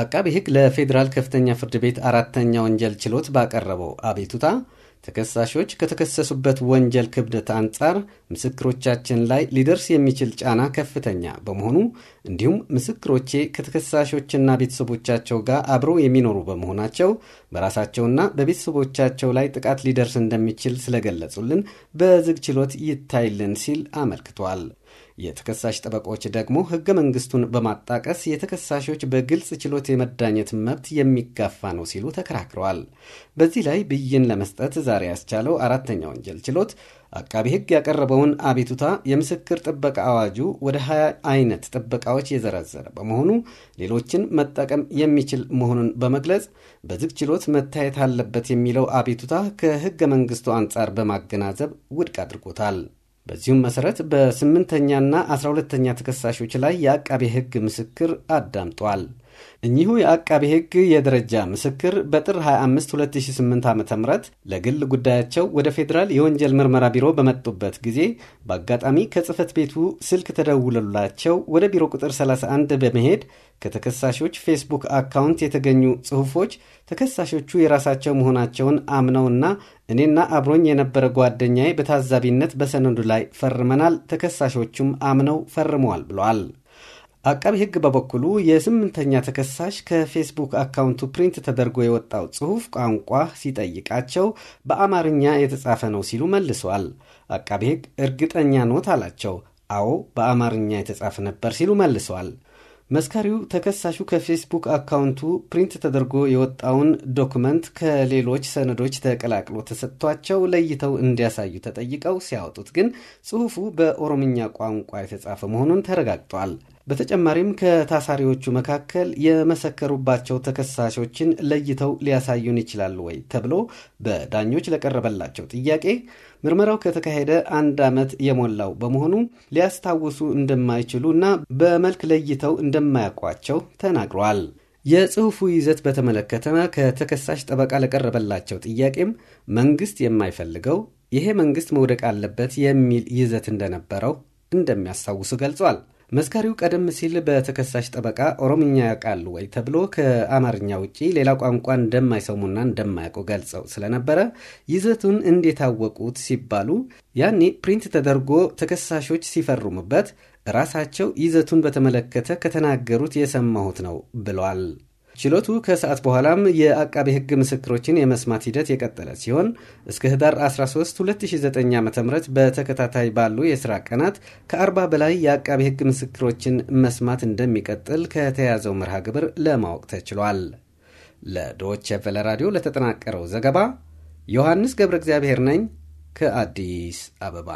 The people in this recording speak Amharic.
አቃቢ ሕግ ለፌዴራል ከፍተኛ ፍርድ ቤት አራተኛ ወንጀል ችሎት ባቀረበው አቤቱታ ተከሳሾች ከተከሰሱበት ወንጀል ክብደት አንጻር ምስክሮቻችን ላይ ሊደርስ የሚችል ጫና ከፍተኛ በመሆኑ እንዲሁም ምስክሮቼ ከተከሳሾችና ቤተሰቦቻቸው ጋር አብረው የሚኖሩ በመሆናቸው በራሳቸውና በቤተሰቦቻቸው ላይ ጥቃት ሊደርስ እንደሚችል ስለገለጹልን በዝግ ችሎት ይታይልን ሲል አመልክቷል። የተከሳሽ ጠበቆች ደግሞ ህገ መንግስቱን በማጣቀስ የተከሳሾች በግልጽ ችሎት የመዳኘት መብት የሚጋፋ ነው ሲሉ ተከራክረዋል። በዚህ ላይ ብይን ለመስጠት ዛሬ ያስቻለው አራተኛ ወንጀል ችሎት አቃቢ ህግ ያቀረበውን አቤቱታ የምስክር ጥበቃ አዋጁ ወደ 20 አይነት ጥበቃዎች የዘረዘረ በመሆኑ ሌሎችን መጠቀም የሚችል መሆኑን በመግለጽ በዝግ ችሎት መታየት አለበት የሚለው አቤቱታ ከህገ መንግስቱ አንጻር በማገናዘብ ውድቅ አድርጎታል። በዚሁም መሰረት በስምንተኛና አስራ ሁለተኛ ተከሳሾች ላይ የአቃቤ ሕግ ምስክር አዳምጧል። እኚሁ የአቃቤ ሕግ የደረጃ ምስክር በጥር 25 2008 ዓ ም ለግል ጉዳያቸው ወደ ፌዴራል የወንጀል ምርመራ ቢሮ በመጡበት ጊዜ በአጋጣሚ ከጽህፈት ቤቱ ስልክ ተደውለላቸው ወደ ቢሮ ቁጥር 31 በመሄድ ከተከሳሾች ፌስቡክ አካውንት የተገኙ ጽሑፎች ተከሳሾቹ የራሳቸው መሆናቸውን አምነውና እኔና አብሮኝ የነበረ ጓደኛዬ በታዛቢነት በሰነዱ ላይ ፈርመናል፣ ተከሳሾቹም አምነው ፈርመዋል ብለዋል። አቃቢ ሕግ በበኩሉ የስምንተኛ ተከሳሽ ከፌስቡክ አካውንቱ ፕሪንት ተደርጎ የወጣው ጽሑፍ ቋንቋ ሲጠይቃቸው በአማርኛ የተጻፈ ነው ሲሉ መልሰዋል። አቃቢ ሕግ እርግጠኛ ኖት አላቸው። አዎ በአማርኛ የተጻፈ ነበር ሲሉ መልሰዋል። መስካሪው ተከሳሹ ከፌስቡክ አካውንቱ ፕሪንት ተደርጎ የወጣውን ዶክመንት ከሌሎች ሰነዶች ተቀላቅሎ ተሰጥቷቸው ለይተው እንዲያሳዩ ተጠይቀው ሲያወጡት ግን ጽሑፉ በኦሮምኛ ቋንቋ የተጻፈ መሆኑን ተረጋግጧል። በተጨማሪም ከታሳሪዎቹ መካከል የመሰከሩባቸው ተከሳሾችን ለይተው ሊያሳዩን ይችላሉ ወይ ተብሎ በዳኞች ለቀረበላቸው ጥያቄ ምርመራው ከተካሄደ አንድ ዓመት የሞላው በመሆኑ ሊያስታውሱ እንደማይችሉ እና በመልክ ለይተው እንደማያውቋቸው ተናግሯል። የጽሑፉ ይዘት በተመለከተ ከተከሳሽ ጠበቃ ለቀረበላቸው ጥያቄም መንግስት የማይፈልገው ይሄ መንግስት መውደቅ አለበት የሚል ይዘት እንደነበረው እንደሚያስታውሱ ገልጿል። መስካሪው ቀደም ሲል በተከሳሽ ጠበቃ ኦሮምኛ ያውቃሉ ወይ ተብሎ ከአማርኛ ውጪ ሌላ ቋንቋ እንደማይሰሙና እንደማያውቁ ገልጸው ስለነበረ ይዘቱን እንዴት አወቁት ሲባሉ ያኔ ፕሪንት ተደርጎ ተከሳሾች ሲፈርሙበት ራሳቸው ይዘቱን በተመለከተ ከተናገሩት የሰማሁት ነው ብሏል። ችሎቱ ከሰዓት በኋላም የአቃቤ ህግ ምስክሮችን የመስማት ሂደት የቀጠለ ሲሆን እስከ ህዳር 13 2009 ዓ ም በተከታታይ ባሉ የሥራ ቀናት ከ40 በላይ የአቃቤ ህግ ምስክሮችን መስማት እንደሚቀጥል ከተያዘው መርሃ ግብር ለማወቅ ተችሏል። ለዶች ቨለ ራዲዮ ለተጠናቀረው ዘገባ ዮሐንስ ገብረ እግዚአብሔር ነኝ ከአዲስ አበባ